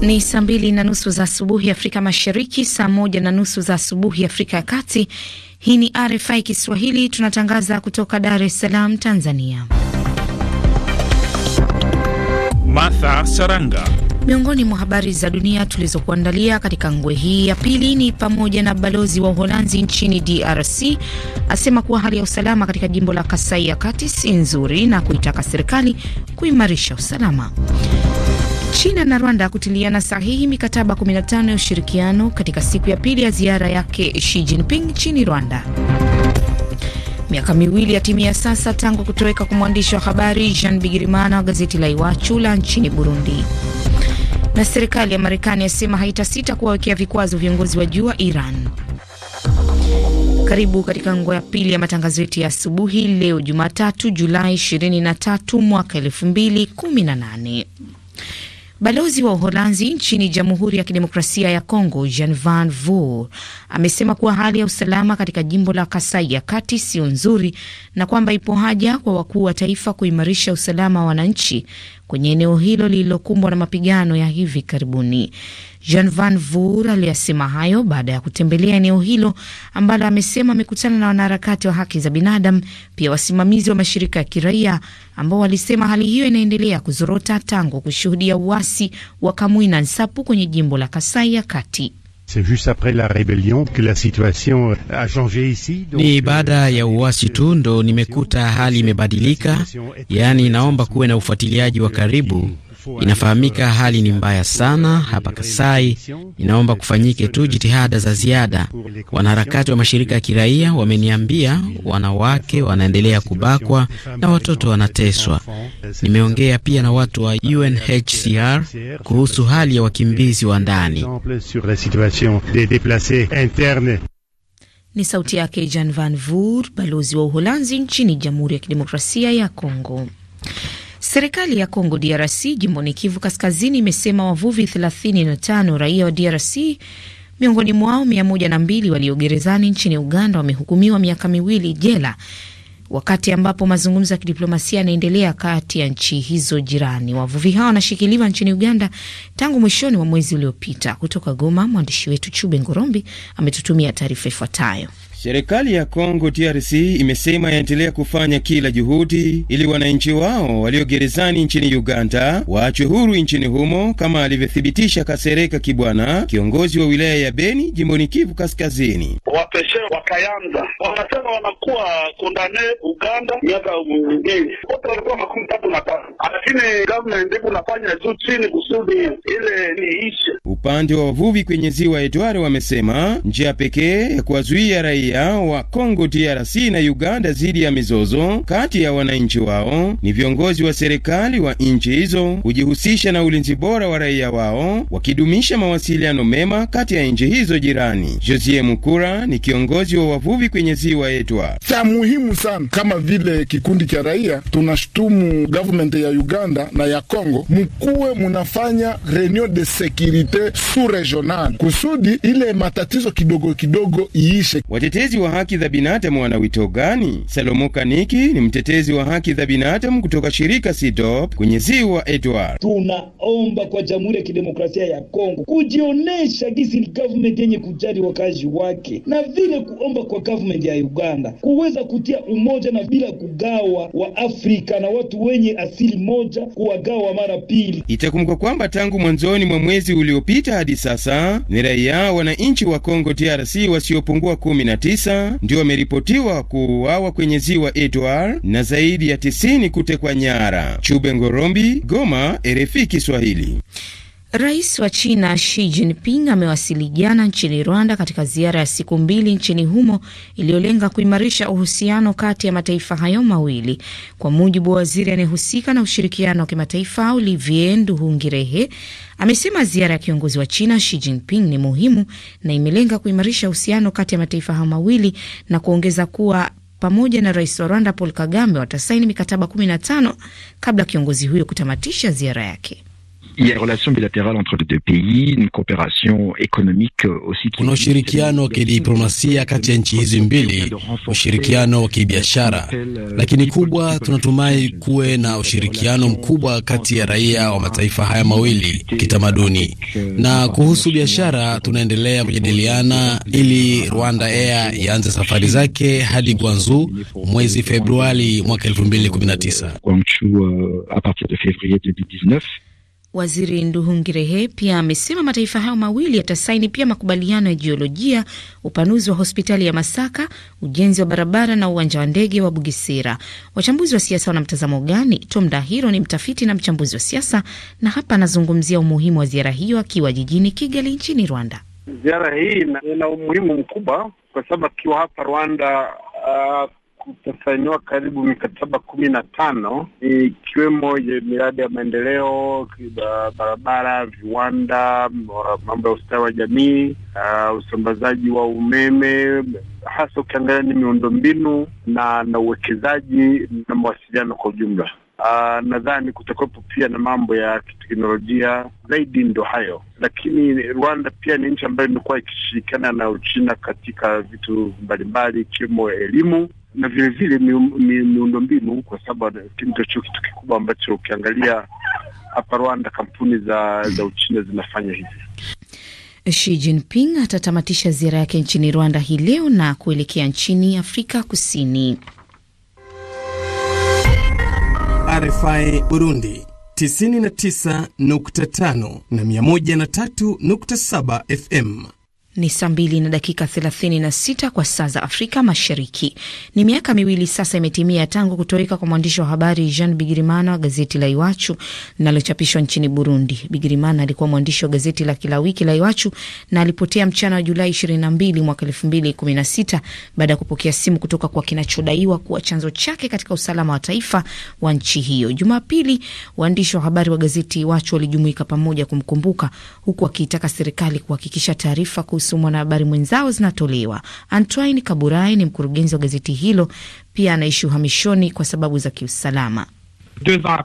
Ni saa mbili na nusu za asubuhi Afrika Mashariki, saa moja na nusu za asubuhi Afrika ya Kati. Hii ni RFI Kiswahili, tunatangaza kutoka Dar es Salaam, Tanzania. Martha Saranga. Miongoni mwa habari za dunia tulizokuandalia katika ngwe hii ya pili ni pamoja na balozi wa Uholanzi nchini DRC asema kuwa hali ya usalama katika jimbo la Kasai ya Kati si nzuri na kuitaka serikali kuimarisha usalama. China na Rwanda kutiliana sahihi mikataba 15 ya ushirikiano katika siku ya pili ya ziara yake Xi Jinping nchini Rwanda. Miaka miwili ya timia sasa tangu kutoweka kwa mwandishi wa habari Jean Bigirimana wa gazeti la Iwachu la nchini Burundi. Na serikali ya Marekani yasema haitasita kuwawekea vikwazo viongozi wa juu wa Iran. Karibu katika ngo ya pili ya matangazo yetu ya asubuhi leo Jumatatu Julai 23 mwaka 2018. Balozi wa Uholanzi nchini Jamhuri ya Kidemokrasia ya Kongo, Jean Van Voor, amesema kuwa hali ya usalama katika jimbo la Kasai ya Kati sio nzuri na kwamba ipo haja kwa wakuu wa taifa kuimarisha usalama wa wananchi kwenye eneo hilo lililokumbwa na mapigano ya hivi karibuni. Jean Van Vuur aliyasema hayo baada ya kutembelea eneo hilo ambalo amesema amekutana na wanaharakati wa haki za binadamu, pia wasimamizi wa mashirika ya kiraia ambao walisema hali hiyo inaendelea kuzorota tangu kushuhudia uasi wa Kamwina Nsapu kwenye jimbo la Kasai ya Kati. Ni baada ya uasi tu ndo nimekuta hali imebadilika, yaani naomba kuwe na ufuatiliaji wa karibu mm. Inafahamika hali ni mbaya sana hapa Kasai. Inaomba kufanyike tu jitihada za ziada. Wanaharakati wa mashirika ya kiraia wameniambia wanawake wanaendelea kubakwa na watoto wanateswa. Nimeongea pia na watu wa UNHCR kuhusu hali ya wakimbizi wa ndani. Ni sauti yake Jan Van Vur, balozi wa Uholanzi nchini Jamhuri ya Kidemokrasia ya Kongo. Serikali ya Kongo DRC jimboni Kivu Kaskazini imesema wavuvi 35 raia wa DRC miongoni mwao 102 walio gerezani nchini Uganda wamehukumiwa miaka miwili jela, wakati ambapo mazungumzo ya kidiplomasia yanaendelea kati ya nchi hizo jirani. Wavuvi hao wanashikiliwa nchini Uganda tangu mwishoni mwa mwezi uliopita. Kutoka Goma, mwandishi wetu Chube Ngorombi ametutumia taarifa ifuatayo. Serikali ya Kongo DRC imesema yaendelea kufanya kila juhudi ili wananchi wao walio gerezani nchini Uganda waachwe huru nchini humo, kama alivyothibitisha Kasereka Kibwana, kiongozi wa wilaya ya Beni, jimboni Kivu Kaskazini. Wapeshe wakayanza wanasema wanakuwa kondane Uganda miaka mingi, wote walikuwa makumi tatu na tano, lakini gavumenti nafanya juu chini kusudi ile niishe. Upande wa wavuvi kwenye ziwa Edward wamesema njia pekee ya kuwazuia raia raia wa Kongo DRC na Uganda dhidi ya mizozo kati ya wananchi wao, ni viongozi wa serikali wa nchi hizo kujihusisha na ulinzi bora wa raia wao, wakidumisha mawasiliano mema kati ya nchi hizo jirani. Josie Mukura ni kiongozi wa wavuvi kwenye ziwa Etwa. cha muhimu sana kama vile kikundi cha raia tunashutumu government ya Uganda na ya Kongo, mukuwe munafanya reunion de securite sous regional kusudi ile matatizo kidogo kidogo iishe. Watete mtetezi wa haki za binadamu ana wito gani? Salomo Kaniki ni mtetezi wa haki za binadamu kutoka shirika SIDOP kwenye ziwa Edward. Tunaomba kwa Jamhuri ya Kidemokrasia ya Kongo kujionesha gisi ni government yenye kujali wakazi wake, na vile kuomba kwa government ya Uganda kuweza kutia umoja na bila kugawa wa Afrika na watu wenye asili moja kuwagawa mara pili. Itakumbuka kwamba tangu mwanzoni mwa mwezi uliopita hadi sasa ni raia wananchi wa Kongo DRC wasiopungua kumi na tisa ndio wameripotiwa kuuawa kwenye ziwa Edward na zaidi ya tisini kutekwa nyara. Chube Ngorombi, Goma, RFI Kiswahili. Rais wa China Xi Jinping amewasili jana nchini Rwanda katika ziara ya siku mbili nchini humo iliyolenga kuimarisha uhusiano kati ya mataifa hayo mawili. Kwa mujibu wa waziri anayehusika na ushirikiano wa kimataifa Olivier Nduhungirehe, amesema ziara ya kiongozi wa China Xi Jinping ni muhimu na imelenga kuimarisha uhusiano kati ya mataifa hayo mawili na kuongeza kuwa pamoja na rais wa Rwanda Paul Kagame watasaini mikataba 15 kabla kiongozi huyo kutamatisha ziara yake il y a une relation bilatérale entre les deux pays, ni coopération économique euh, aussi. Kuna ushirikiano wa kidiplomasia kati ya nchi hizi mbili, ushirikiano wa kibiashara, euh, lakini kubwa, tunatumai kuwe na ushirikiano mkubwa kati ya raia wa mataifa haya mawili kitamaduni. Euh, na kuhusu biashara, tunaendelea kujadiliana ili Rwanda Air ianze safari zake hadi gwanzu mwezi Februari mwaka 2019. Waziri Nduhungirehe pia amesema mataifa hayo mawili yatasaini pia makubaliano ya jiolojia, upanuzi wa hospitali ya Masaka, ujenzi wa barabara na uwanja wa ndege wa bugisira Wachambuzi wa siasa wana mtazamo gani? Tom Dahiro ni mtafiti na mchambuzi wa siasa, na hapa anazungumzia umuhimu wa ziara hiyo akiwa jijini Kigali nchini Rwanda. Ziara hii ina umuhimu mkubwa kwa sababu akiwa hapa Rwanda, uh, kutasainiwa karibu mikataba kumi na tano ikiwemo miradi ya maendeleo, barabara, viwanda, mambo ya ustawi wa jamii, uh, usambazaji wa umeme, hasa ukiangalia ni miundombinu na na uwekezaji na mawasiliano kwa ujumla. Uh, nadhani kutakuwepo pia na mambo ya kiteknolojia zaidi, ndo hayo. Lakini Rwanda pia ni nchi ambayo imekuwa ikishirikiana na Uchina katika vitu mbalimbali ikiwemo elimu na vile vile mbinu kwa sababu ndicho kitu kikubwa ambacho ukiangalia hapa Rwanda kampuni za, za Uchina zinafanya hivi. Xi Jinping atatamatisha ziara yake nchini Rwanda hii leo na kuelekea nchini Afrika Kusini. RFI Burundi 99.5 na 103.7 FM. Ni saa mbili na dakika thelathini na sita kwa saa za Afrika Mashariki. Ni miaka miwili sasa imetimia tangu kutoweka kwa mwandishi wa habari Jean Bigirimana wa gazeti la Iwachu linalochapishwa nchini Burundi. Bigirimana alikuwa mwandishi wa gazeti la kila wiki la Iwachu na alipotea mchana wa Julai 22 mwaka 2016 baada ya kupokea simu kutoka kwa kinachodaiwa kuwa chanzo chake katika usalama wa taifa wa nchi hiyo. Jumapili waandishi wa habari wa gazeti Iwachu walijumuika pamoja kumkumbuka, huku akiitaka serikali kuhakikisha taarifa kuhusu kuhusu mwanahabari mwenzao zinatolewa. Antoine Kaburai ni mkurugenzi wa gazeti hilo, pia anaishi uhamishoni kwa sababu za kiusalama. Euh,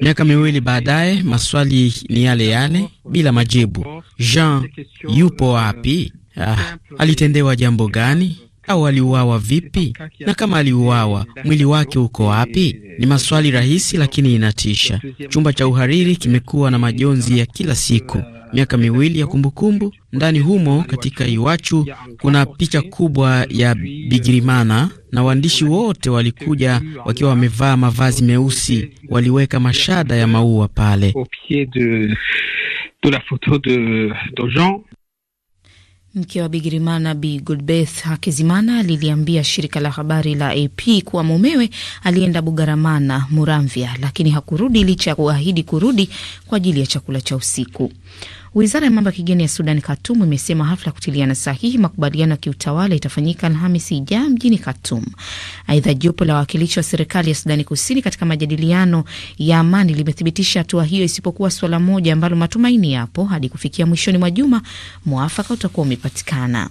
Miaka miwili baadaye, maswali ni yale yale bila majibu. Jean yupo wapi? Ah, alitendewa jambo gani? Au aliuawa vipi? Na kama aliuawa, mwili wake uko wapi? Ni maswali rahisi lakini inatisha. Chumba cha uhariri kimekuwa na majonzi ya kila siku. Miaka miwili ya kumbukumbu ndani humo. Katika Iwachu kuna picha kubwa ya Bigirimana na waandishi wote walikuja wakiwa wamevaa mavazi meusi, waliweka mashada ya maua pale. Mke wa Bigirimana Bi Goodbeth Hakizimana aliliambia shirika la habari la AP kuwa mumewe alienda Bugaramana, Muramvya, lakini hakurudi licha ya kuahidi kurudi kwa ajili ya chakula cha usiku. Wizara ya mambo ya kigeni ya Sudan, Khartum, imesema hafla ya kutiliana sahihi makubaliano ya kiutawala itafanyika Alhamisi ijaa mjini Khartum. Aidha, jopo la wawakilishi wa serikali ya Sudani Kusini katika majadiliano ya amani limethibitisha hatua hiyo, isipokuwa suala moja ambalo matumaini yapo hadi kufikia mwishoni mwa juma mwafaka utakuwa umepatikana.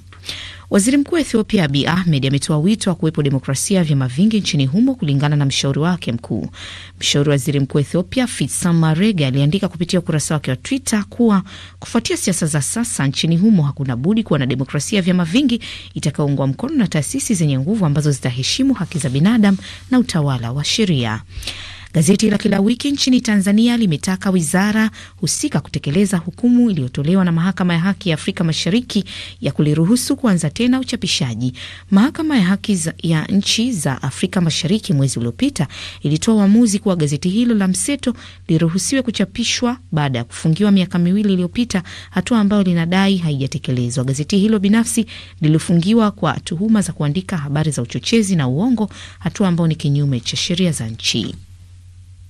Waziri Mkuu wa Ethiopia Abi Ahmed ametoa wito wa kuwepo demokrasia vyama vingi nchini humo kulingana na mshauri wake mkuu. Mshauri wa waziri mkuu wa Ethiopia Fitsama Rega aliandika kupitia ukurasa wake wa Twitter kuwa kufuatia siasa za sasa nchini humo hakuna budi kuwa na demokrasia ya vyama vingi itakayoungwa mkono na taasisi zenye nguvu ambazo zitaheshimu haki za binadamu na utawala wa sheria. Gazeti la kila wiki nchini Tanzania limetaka wizara husika kutekeleza hukumu iliyotolewa na mahakama ya haki ya Afrika Mashariki ya kuliruhusu kuanza tena uchapishaji. Mahakama ya haki za, ya nchi za Afrika Mashariki mwezi uliopita ilitoa uamuzi kuwa gazeti hilo la mseto liruhusiwe kuchapishwa baada ya kufungiwa miaka miwili iliyopita, hatua ambayo linadai haijatekelezwa. Gazeti hilo binafsi lilifungiwa kwa tuhuma za kuandika habari za uchochezi na uongo, hatua ambayo ni kinyume cha sheria za nchi.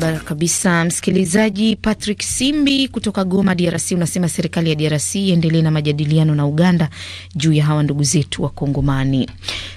Barabara kabisa, msikilizaji. Patrick Simbi kutoka Goma, DRC, unasema serikali ya DRC iendelee na majadiliano na Uganda juu ya hawa ndugu zetu Wakongomani.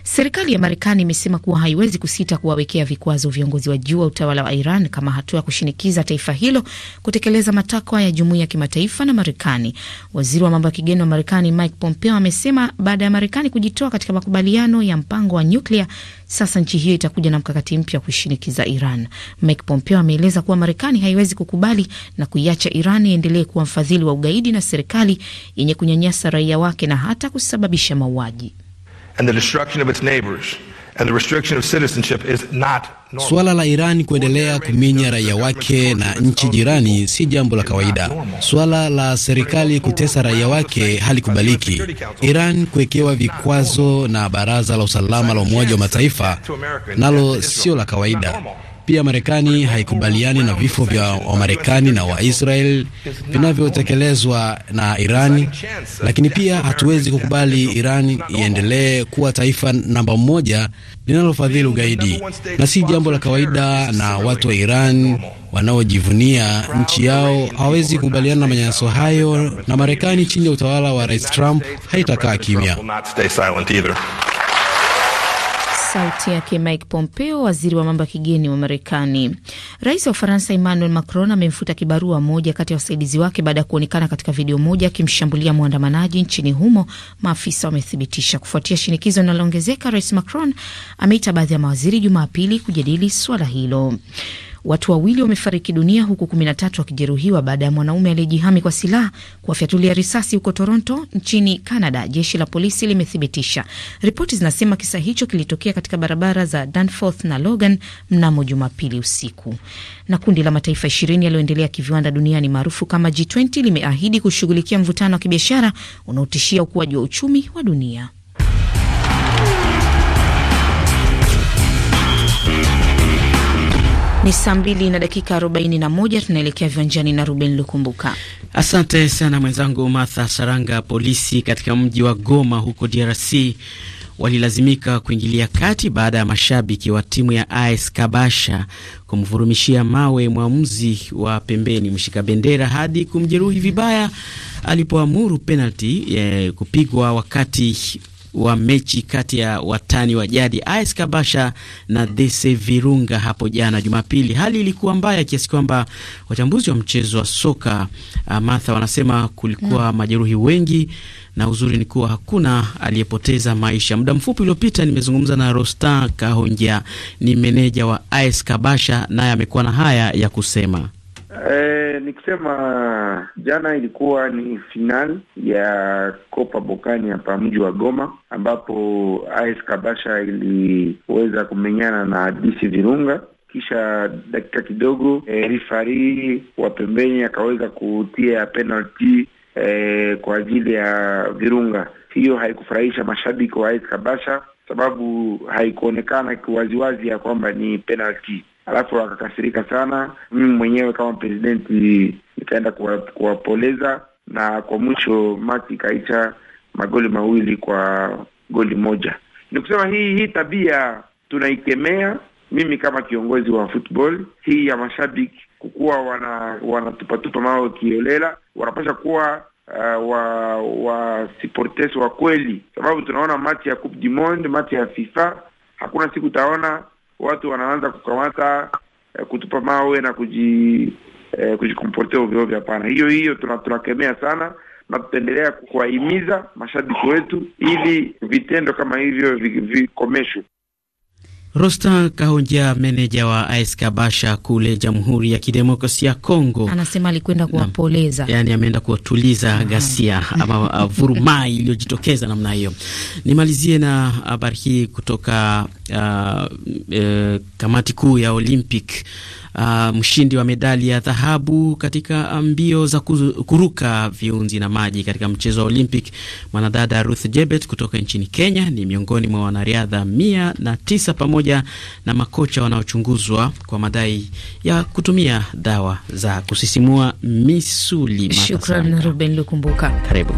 Serikali ya Marekani imesema kuwa haiwezi kusita kuwawekea vikwazo viongozi wa juu wa utawala wa Iran kama hatua ya kushinikiza taifa hilo kutekeleza matakwa ya jumuiya ya kimataifa na Marekani. Waziri wa mambo ya kigeni wa Marekani Mike Pompeo amesema baada ya Marekani kujitoa katika makubaliano ya mpango wa nyuklia sasa nchi hiyo itakuja na mkakati mpya wa kuishinikiza Iran. Mike Pompeo ameeleza kuwa Marekani haiwezi kukubali na kuiacha Iran iendelee kuwa mfadhili wa ugaidi na serikali yenye kunyanyasa raia wake na hata kusababisha mauaji. And the restriction of citizenship is not normal. Suala la Iran kuendelea kuminya raia wake na nchi jirani si jambo la kawaida. Suala la serikali kutesa raia wake halikubaliki. Iran kuwekewa vikwazo na Baraza la Usalama la Umoja wa Mataifa nalo sio la kawaida. Pia Marekani haikubaliani na vifo vya Wamarekani na Waisrael vinavyotekelezwa na Irani, lakini pia hatuwezi kukubali Irani iendelee kuwa taifa namba moja linalofadhili ugaidi, na si jambo la kawaida. Na watu wa Iran wanaojivunia nchi yao hawawezi kukubaliana na manyanyaso hayo, na Marekani chini ya utawala wa Rais Trump haitakaa kimya. Sauti yake Mike Pompeo, waziri wa mambo ya kigeni wa Marekani. Rais wa Ufaransa Emmanuel Macron amemfuta kibarua moja kati ya wasaidizi wake baada ya kuonekana katika video moja akimshambulia mwandamanaji nchini humo, maafisa wamethibitisha. Kufuatia shinikizo linaloongezeka, Rais Macron ameita baadhi ya mawaziri Jumapili kujadili swala hilo. Watu wawili wamefariki dunia huku 13 wakijeruhiwa baada ya mwanaume aliyejihami kwa silaha kuwafyatulia risasi huko Toronto nchini Canada, jeshi la polisi limethibitisha. Ripoti zinasema kisa hicho kilitokea katika barabara za Danforth na Logan mnamo Jumapili usiku. Na kundi la mataifa ishirini yaliyoendelea kiviwanda duniani maarufu kama G20 limeahidi kushughulikia mvutano wa kibiashara unaotishia ukuaji wa uchumi wa dunia. Ni saa mbili na dakika arobaini na moja. Tunaelekea viwanjani na Ruben Lukumbuka. Asante sana mwenzangu Martha Saranga. Polisi katika mji wa Goma huko DRC walilazimika kuingilia kati baada ya mashabiki wa timu ya AS Kabasha kumvurumishia mawe mwamuzi wa pembeni mshika bendera hadi kumjeruhi vibaya alipoamuru penalti eh, kupigwa wakati wa mechi kati ya watani wa jadi AS Kabasha na DC Virunga hapo jana Jumapili. Hali ilikuwa mbaya kiasi kwamba wachambuzi wa mchezo wa soka uh, Martha wanasema kulikuwa yeah, majeruhi wengi na uzuri ni kuwa hakuna aliyepoteza maisha. Muda mfupi uliopita nimezungumza na Rostan Kahonja, ni meneja wa AS Kabasha, naye amekuwa na haya ya kusema. Eh, nikisema jana ilikuwa ni final ya Copa Bokani hapa mji wa Goma, ambapo AS Kabasha iliweza kumenyana na DC Virunga kisha dakika kidogo eh, rifari wa pembeni akaweza kutia penalty eh, kwa ajili ya Virunga. Hiyo haikufurahisha mashabiki wa AS Kabasha sababu haikuonekana kiwaziwazi ya kwamba ni penalty alafu wakakasirika sana. Mimi mwenyewe kama presidenti nikaenda kuwapoleza, na kwa mwisho mati ikaita magoli mawili kwa goli moja. Ni kusema hii hii tabia tunaikemea. Mimi kama kiongozi wa football hii ya mashabiki kukuwa wanatupatupa wana mawe kiolela, wanapasha kuwa uh, wa wa supporters wa kweli, sababu tunaona mati ya Coupe du Monde, mati ya FIFA, hakuna siku utaona watu wanaanza kukamata eh, kutupa mawe na kuji eh, kujikomportea ovyoovyo. Hapana, hiyo hiyo tunakemea sana na tutaendelea kuwahimiza mashabiki wetu ili vitendo kama hivyo vikomeshwe. Rosta Kahonja, meneja wa AS Kabasha kule Jamhuri ya Kidemokrasia ya Kongo, anasema alikwenda kuwapoleza, yani ameenda kuwatuliza ghasia ama uh, vurumai iliyojitokeza namna hiyo. Nimalizie na habari hii kutoka uh, e, kamati kuu ya Olympic uh, mshindi wa medali ya dhahabu katika uh, mbio za kuruka viunzi na maji katika mchezo wa Olympic, mwanadada Ruth Jebet kutoka nchini Kenya ni miongoni mwa wanariadha mia na tisa pamoja na makocha wanaochunguzwa kwa madai ya kutumia dawa za kusisimua misuli. Ruben Lukumbuka, karibu.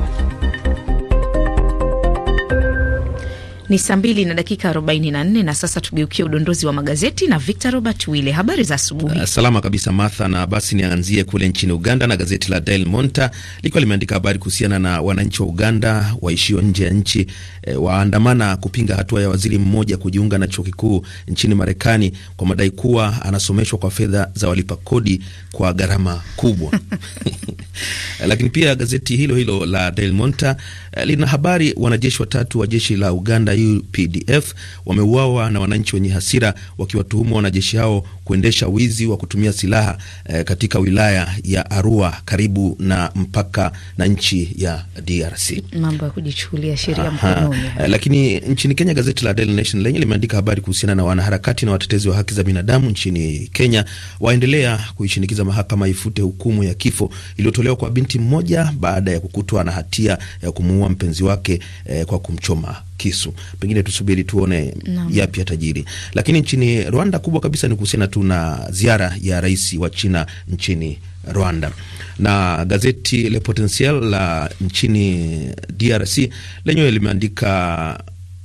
Ni saa mbili na dakika 44 na sasa tugeukie udondozi wa magazeti na Victor Robert Wile. Habari za asubuhi. Uh, salama kabisa Martha, na basi nianzie kule nchini Uganda na gazeti la Daily Monitor likiwa limeandika habari kuhusiana na wananchi wa Uganda waishio nje ya nchi e, waandamana kupinga hatua ya waziri mmoja kujiunga na chuo kikuu nchini Marekani kwa madai kuwa anasomeshwa kwa fedha za walipa kodi kwa gharama kubwa. Eh, lakini pia gazeti hilo hilo la Daily Monitor eh, lina habari wanajeshi watatu wa jeshi la Uganda UPDF wameuawa na wananchi wenye hasira wakiwatuhumu wanajeshi hao kuendesha wizi wa kutumia silaha eh, katika wilaya ya Arua karibu na mpaka na nchi ya DRC. Mambo ya kujichukulia sheria mkononi. Eh, lakini nchini Kenya gazeti la Daily Nation lenye limeandika habari kuhusiana na wanaharakati na watetezi wa haki za binadamu nchini Kenya waendelea kuishinikiza mahakama ifute hukumu ya kifo iliyotolewa kwa binti mmoja baada ya kukutwa na hatia ya kumuua mpenzi wake eh, kwa kumchoma kisu. Pengine tusubiri tuone no. yapi yatajiri. Lakini nchini Rwanda kubwa kabisa ni kuhusiana tu na ziara ya rais wa China nchini Rwanda na gazeti Le Potentiel la nchini DRC lenyewe limeandika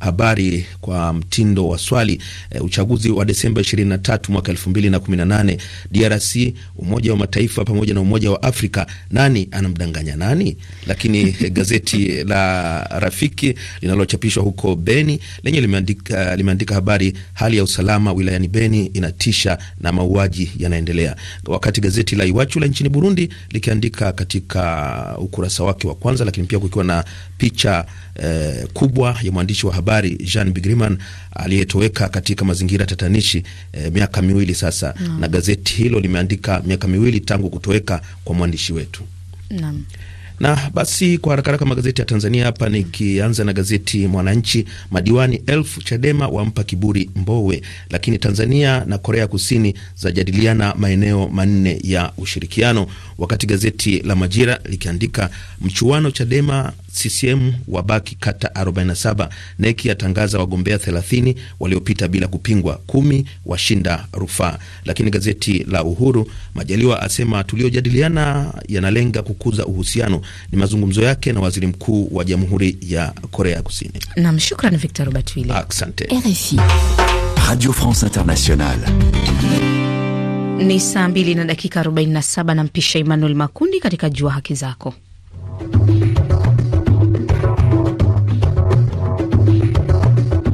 habari kwa mtindo wa swali. E, uchaguzi wa Desemba 23 mwaka 2018 DRC, Umoja wa Mataifa pamoja na Umoja wa Afrika, nani anamdanganya nani? Lakini eh, gazeti la Rafiki linalochapishwa huko Beni lenye limeandika, limeandika habari hali ya usalama wilayani Beni inatisha na mauaji yanaendelea, wakati gazeti la Iwachu la nchini Burundi likiandika katika ukurasa wake wa kwanza, lakini pia kukiwa na picha eh, kubwa ya mwandishi wa habari habari Jean Bigriman aliyetoweka katika mazingira tatanishi e, miaka miwili sasa mm. na gazeti hilo limeandika miaka miwili tangu kutoweka kwa mwandishi wetu mm. Na basi kwa haraka haraka magazeti ya Tanzania hapa, mm. nikianza na gazeti Mwananchi. Madiwani elfu Chadema wampa kiburi Mbowe, lakini Tanzania na Korea Kusini zajadiliana maeneo manne ya ushirikiano, wakati gazeti la Majira likiandika mchuano Chadema CCM wabaki kata 47. NEC yatangaza wagombea 30 waliopita bila kupingwa, kumi washinda rufaa. Lakini gazeti la Uhuru, Majaliwa asema tuliojadiliana yanalenga kukuza uhusiano, ni mazungumzo yake na waziri mkuu wa Jamhuri ya Korea Kusini. Nam, Victor Robert Asante. RFI Radio France Internationale. Ni saa 2 na dakika 47, na mpisha Emmanuel Makundi katika Jua Haki Zako.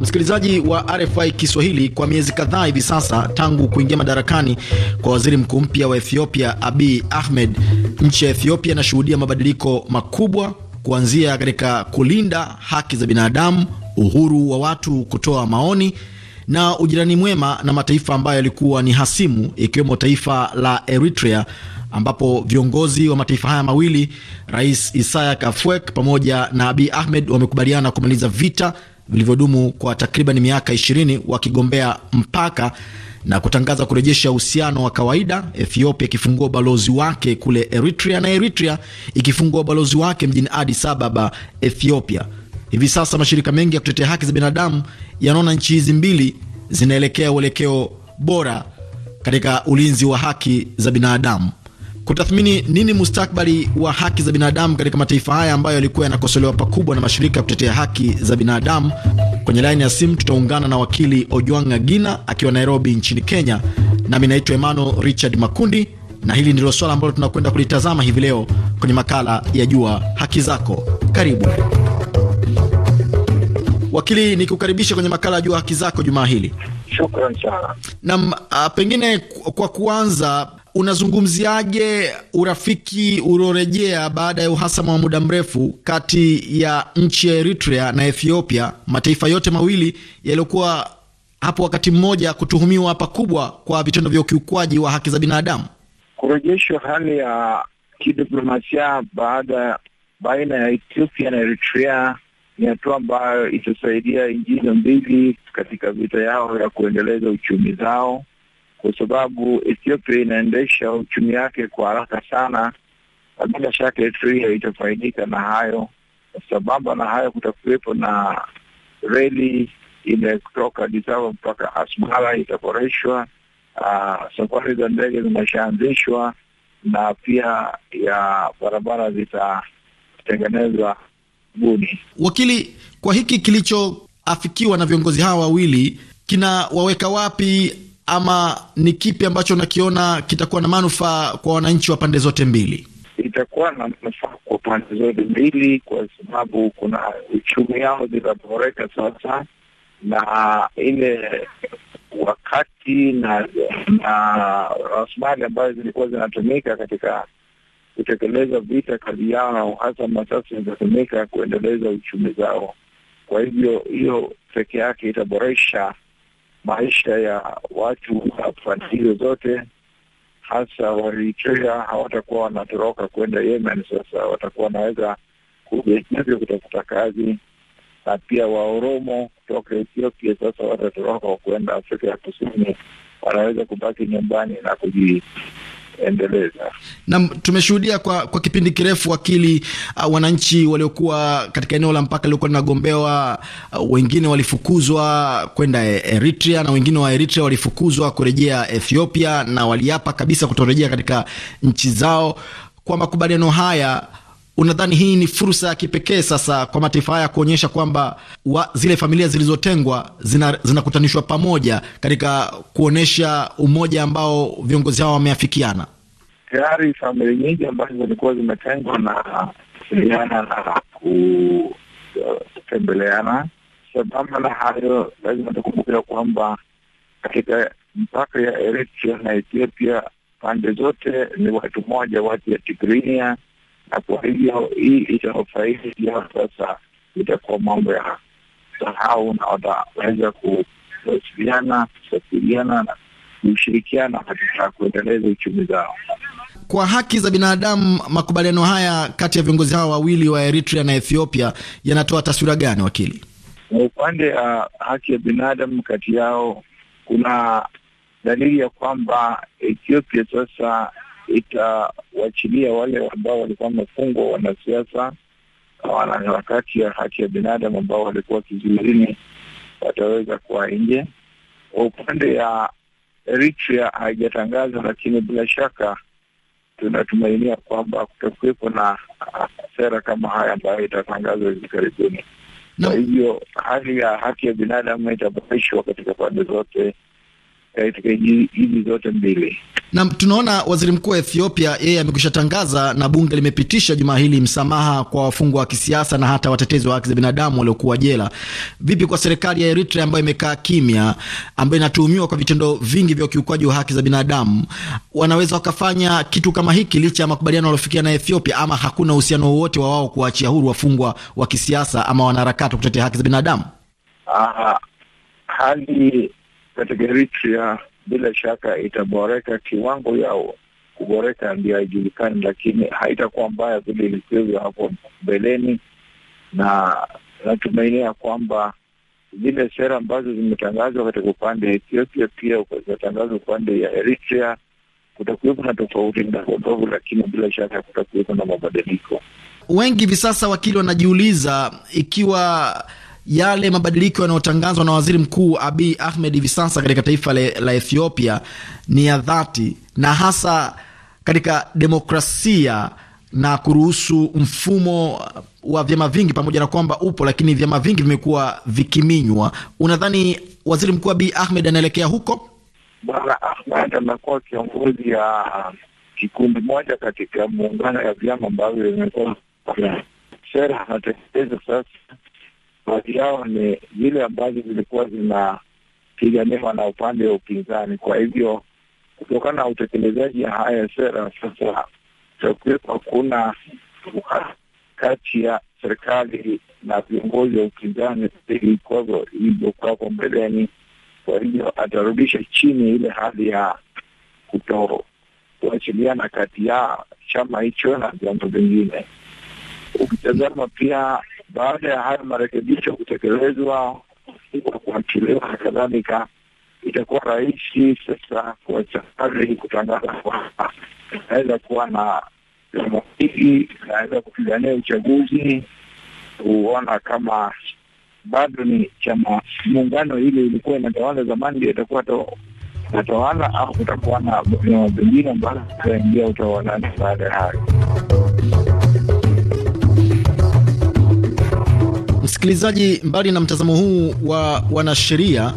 Msikilizaji wa RFI Kiswahili, kwa miezi kadhaa hivi sasa tangu kuingia madarakani kwa waziri mkuu mpya wa Ethiopia Abiy Ahmed, nchi ya Ethiopia inashuhudia mabadiliko makubwa kuanzia katika kulinda haki za binadamu, uhuru wa watu kutoa maoni na ujirani mwema na mataifa ambayo yalikuwa ni hasimu ikiwemo taifa la Eritrea ambapo viongozi wa mataifa haya mawili Rais Isaias Afwerki pamoja na Abiy Ahmed wamekubaliana kumaliza vita vilivyodumu kwa takriban miaka ishirini wakigombea mpaka na kutangaza kurejesha uhusiano wa kawaida, Ethiopia ikifungua ubalozi wake kule Eritrea na Eritrea ikifungua ubalozi wake mjini Addis Ababa, Ethiopia. Hivi sasa mashirika mengi ya kutetea haki za binadamu yanaona nchi hizi mbili zinaelekea uelekeo bora katika ulinzi wa haki za binadamu kutathmini nini mustakbali wa haki za binadamu katika mataifa haya ambayo yalikuwa yanakosolewa pakubwa na mashirika ya kutetea haki za binadamu. Kwenye laini ya simu tutaungana na wakili Ojwang Agina akiwa Nairobi nchini Kenya, nami naitwa Emmanuel Richard Makundi, na hili ndilo swala ambalo tunakwenda kulitazama hivi leo kwenye makala ya Jua Haki Zako. Karibu wakili, nikukaribisha kwenye makala ya Jua Haki Zako jumaa hili. Shukran sana. Nam, ah, pengine kwa kuanza Unazungumziaje urafiki uliorejea baada ya uhasama wa muda mrefu kati ya nchi ya Eritrea na Ethiopia, mataifa yote mawili yaliyokuwa hapo wakati mmoja kutuhumiwa pakubwa kwa vitendo vya ukiukwaji wa haki za binadamu? Kurejeshwa hali ya kidiplomasia baada baina ya Ethiopia na Eritrea ni hatua ambayo itasaidia nchi hizo mbili katika vita yao ya kuendeleza uchumi zao kwa sababu Ethiopia inaendesha uchumi wake kwa haraka sana, na bila shaka Eritrea itafaidika na hayo. Sambamba na hayo, kutakuwepo na reli ile kutoka Addis Ababa mpaka Asmara itaboreshwa. Uh, safari za ndege zimeshaanzishwa na pia ya barabara zitatengenezwa buni. Wakili, kwa hiki kilichoafikiwa na viongozi hawa wawili kinawaweka wapi ama ni kipi ambacho nakiona kitakuwa na manufaa kwa wananchi wa pande zote mbili? Itakuwa na manufaa kwa pande zote mbili, kwa sababu kuna uchumi yao zitaboreka sasa, na ile wakati na na rasilimali ambazo zilikuwa zinatumika katika kutekeleza vita kazi yao hasa masasi zinatumika kuendeleza uchumi zao. Kwa hivyo hiyo peke yake itaboresha maisha ya watu wa pande hizo zote, hasa Waeritrea hawatakuwa wanatoroka kwenda Yemen. Sasa watakuwa wanaweza kujainavyo kutafuta kazi, na pia Waoromo kutoka Ethiopia sasa watatoroka kwenda Afrika ya Kusini, wanaweza kubaki nyumbani na kuji endeleza. Naam, tumeshuhudia kwa, kwa kipindi kirefu wakili, uh, wananchi waliokuwa katika eneo la mpaka liokuwa linagombewa, uh, wengine walifukuzwa kwenda e-, Eritrea na wengine wa Eritrea walifukuzwa kurejea Ethiopia na waliapa kabisa kutorejea katika nchi zao. Kwa makubaliano haya unadhani hii ni fursa ya kipekee sasa kwa mataifa haya kuonyesha kwamba zile familia zilizotengwa zinakutanishwa zina pamoja katika kuonyesha umoja ambao viongozi hao wameafikiana? Tayari familia nyingi ambazo zilikuwa zimetengwa na kusiliana na kutembeleana. Sambamba na hayo, lazima tukumbuke kwamba katika mpaka ya Eritrea na Ethiopia pande zote ni watu moja, watu ya Tigrinia na kwa hivyo hii itawafaidi ya sasa, itakuwa mambo ya sahau na wataweza kuwasiliana, kusafiriana na kushirikiana katika kuendeleza uchumi zao. Kwa haki za binadamu, makubaliano haya kati ya viongozi hao wawili wa Eritrea na Ethiopia yanatoa taswira gani, wakili? Kwa upande wa uh, haki ya binadamu kati yao, kuna dalili ya kwamba Ethiopia sasa itawachilia wale ambao walikuwa wamefungwa, wanasiasa na wanaharakati ya haki ya binadamu ambao walikuwa kizuizini wataweza kuwa nje. Kwa upande ya Eritrea haijatangaza, lakini bila shaka tunatumainia kwamba kutakuwepo na sera kama haya ambayo itatangazwa hivi karibuni. Kwa hivyo hali ya haki ya binadamu itaboreshwa katika pande zote katika hizi zote mbili. Na tunaona waziri mkuu wa Ethiopia yeye amekwisha tangaza na bunge limepitisha juma hili msamaha kwa wafungwa wa kisiasa na hata watetezi wa haki za binadamu waliokuwa jela. Vipi kwa serikali ya Eritrea ambayo imekaa kimya, ambayo inatuhumiwa kwa vitendo vingi vya ukiukwaji wa haki za binadamu? Wanaweza wakafanya kitu kama hiki licha ya makubaliano waliofikia na Ethiopia, ama hakuna uhusiano wowote wa wao kuachia huru wafungwa wa kisiasa ama wanaharakati wa kutetea haki za binadamu? Aha. Hali katika Eritrea bila shaka itaboreka, kiwango yao kuboreka ndio haijulikani, lakini haitakuwa mbaya vile ilikuwa hapo mbeleni, na natumainia kwamba zile sera ambazo zimetangazwa katika upande ya Ethiopia pia zinatangazwa upande ya Eritrea. Kutakuwepo na tofauti ndogo, lakini bila shaka kutakuwepo na mabadiliko. Wengi hivi sasa wakili wanajiuliza ikiwa yale mabadiliko yanayotangazwa na waziri mkuu Abiy Ahmed hivi sasa katika taifa le, la Ethiopia ni ya dhati na hasa katika demokrasia na kuruhusu mfumo wa vyama vingi, pamoja na kwamba upo lakini vyama vingi vimekuwa vikiminywa. Unadhani waziri mkuu Abiy Ahmed anaelekea huko? Bwana Ahmed amekuwa kiongozi ya kikundi moja katika muungano ya vyama ambavyo imekuwa sera anatekeleza sasa baadhi yao ni zile ambazo zilikuwa zinapiganiwa na upande wa upinzani. Kwa hivyo kutokana na utekelezaji ya haya sera sasa takuwepo hakuna kati ya serikali na viongozi wa upinzani vikwazo ilivyokuwako mbeleni. Kwa hivyo atarudisha chini ile hali ya kutokuachiliana kati ya chama hicho na vyombo vingine. Ukitazama pia baada ya hayo marekebisho kutekelezwa kwa kuachiliwa na kadhalika, itakuwa rahisi sasa kwa serikali kutangaza kwamba inaweza kuwa na vyama vingi, inaweza kupigania uchaguzi, kuona kama bado ni chama muungano ile ilikuwa inatawala zamani ndio itakuwa natawala au kutakuwa na vyama vingine ambavyo vitaingia utawalani baada ya hayo. Msikilizaji, mbali na mtazamo huu wa wanasheria,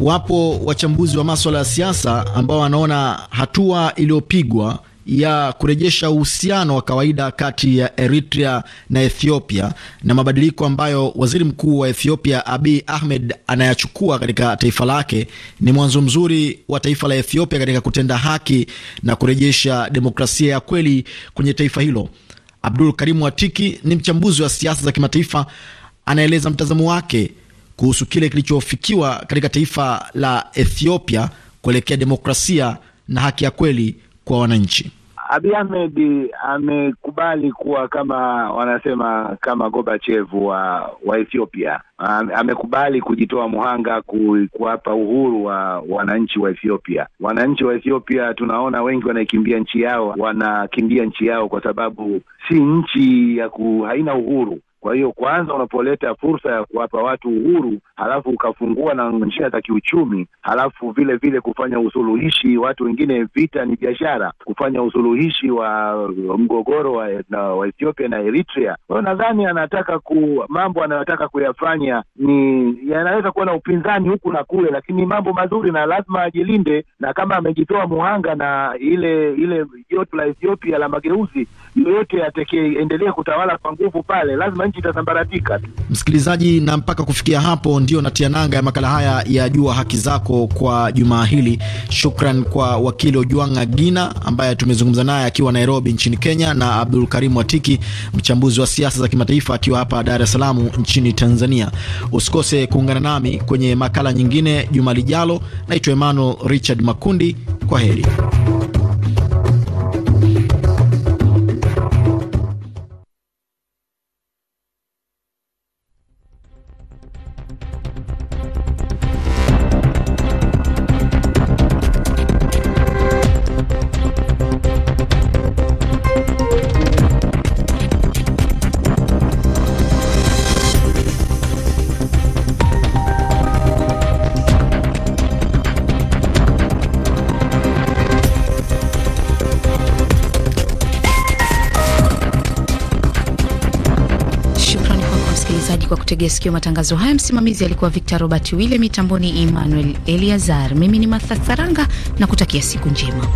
wapo wachambuzi wa maswala ya siasa ambao wanaona hatua iliyopigwa ya kurejesha uhusiano wa kawaida kati ya Eritrea na Ethiopia na mabadiliko ambayo waziri mkuu wa Ethiopia Abiy Ahmed anayachukua katika taifa lake ni mwanzo mzuri wa taifa la Ethiopia katika kutenda haki na kurejesha demokrasia ya kweli kwenye taifa hilo. Abdul Karimu watiki ni mchambuzi wa siasa za kimataifa anaeleza mtazamo wake kuhusu kile kilichofikiwa katika taifa la Ethiopia kuelekea demokrasia na haki ya kweli kwa wananchi. abi Ahmed amekubali kuwa kama wanasema kama Gorbachev wa, wa Ethiopia. Amekubali kujitoa mhanga kuwapa uhuru wa wananchi wa Ethiopia. Wananchi wa Ethiopia tunaona wengi wanaikimbia nchi yao, wanakimbia nchi yao kwa sababu si nchi ya ku, haina uhuru. Kwa hiyo kwanza, unapoleta fursa ya kuwapa watu uhuru, halafu ukafungua na njia za kiuchumi, halafu vile vile kufanya usuluhishi. Watu wengine vita ni biashara, kufanya usuluhishi wa mgogoro wa, na, wa Ethiopia na Eritrea. Kwa hiyo nadhani anataka ku, mambo anayotaka kuyafanya ni yanaweza kuwa na upinzani huku na kule, lakini ni mambo mazuri na lazima ajilinde, na kama amejitoa muhanga na ile ile joto la Ethiopia la mageuzi yoyote atakayeendelea kutawala kwa nguvu pale, lazima nchi itasambaratika Msikilizaji, na mpaka kufikia hapo ndio natia nanga ya makala haya ya Jua Haki Zako kwa jumaa hili. Shukran kwa wakili Ojuanga Gina ambaye tumezungumza naye akiwa Nairobi nchini Kenya, na Abdul Karimu watiki mchambuzi wa siasa za kimataifa akiwa hapa Dar es Salaam nchini Tanzania. Usikose kuungana nami kwenye makala nyingine juma lijalo. Naitwa Emmanuel Richard Makundi, kwa heri. kutegea sikio matangazo haya. Msimamizi alikuwa Victor Robert Wille, mitamboni Emmanuel Eliazar. Mimi ni Martha Saranga na kutakia siku njema.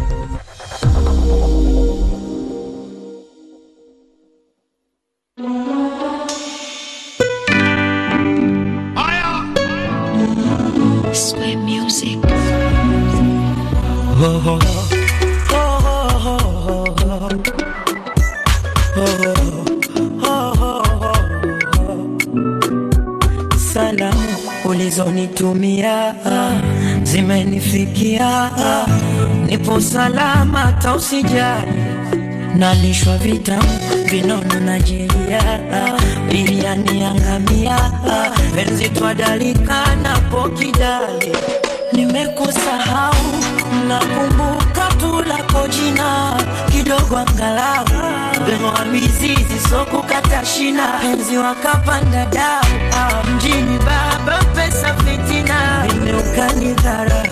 ulizonitumia zimenifikia, nipo salama, tausijali nalishwa vitamu, vinono na jeria, biriani yangamia, penzi twadalika napo kidali, nimekusahau nakumbuka tu lako jina kidogo angalau lengo la mizizi so kukata shina, penzi wakapanda dau mjini baba pesa fitina, nimeukani dhara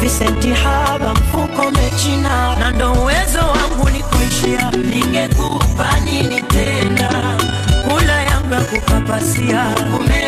visenti haba mfuko mechina, na ndo uwezo wangu ni kuishia, ningekupa nini tena, kula yangu ya kupapasia kume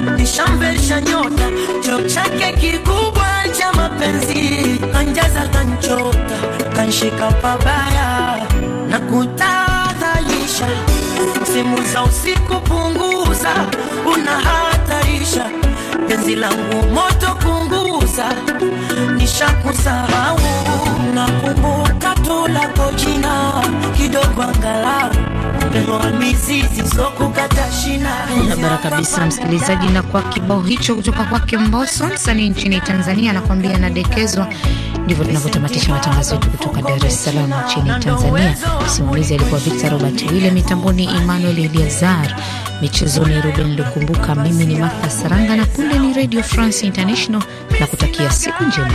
nishamvesha nyota, cho chake kikubwa cha mapenzi kanjaza, kanchota, kanshika pabaya na kutadhalisha. Simu za usiku punguza, unahatarisha penzi langu moto kunguza, nishakusahau nakumbuka kumbuka tu lako jina kidogo angalau Barabara kabisa, msikilizaji, na kwa kibao hicho kutoka kwake mboso msanii nchini Tanzania, anakuambia anadekezwa. Ndivyo tunavyotamatisha matangazo yetu kutoka Dar es Salaam nchini Tanzania. Msimamizi alikuwa Victor Robert Wile, mitamboni Emmanuel Eliazar, michezoni Ruben Lukumbuka, mimi ni Martha Saranga na punde ni Radio France International na kutakia siku njema.